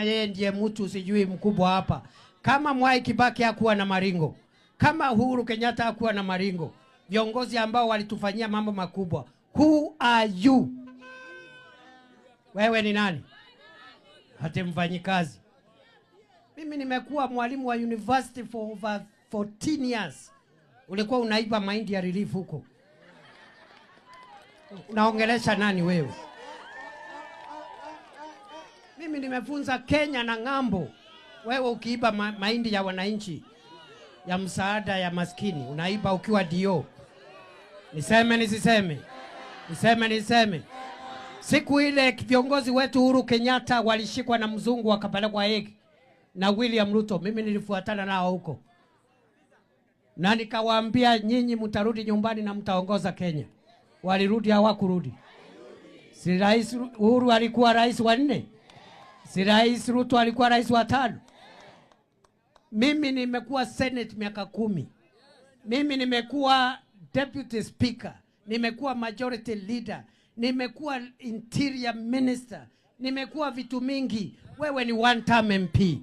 yeye ndiye mtu sijui mkubwa hapa. Kama Mwai Kibaki hakuwa na maringo, kama Uhuru Kenyatta hakuwa na maringo, viongozi ambao walitufanyia mambo makubwa, who are you? Wewe ni nani? Hata mfanyikazi. Mimi nimekuwa mwalimu wa university for over 14 years. Ulikuwa unaiba mahindi ya relief huko, unaongelesha nani wewe? Mimi nimefunza Kenya na ng'ambo. Wewe ukiiba ma mahindi ya wananchi ya msaada ya maskini unaiba ukiwa dio. Niseme nisiseme, niseme niseme. Siku ile viongozi wetu Uhuru Kenyatta walishikwa na mzungu wakapelekwa Hague na William Ruto, mimi nilifuatana nao huko na nikawaambia, nyinyi mtarudi nyumbani na mtaongoza Kenya. Walirudi hawakurudi? Si rais Uhuru alikuwa rais wa nne? Si Rais Ruto alikuwa rais wa tano? Mimi nimekuwa Senate miaka kumi. Mimi nimekuwa deputy speaker, nimekuwa majority leader, nimekuwa interior minister, nimekuwa vitu mingi. Wewe ni one term MP.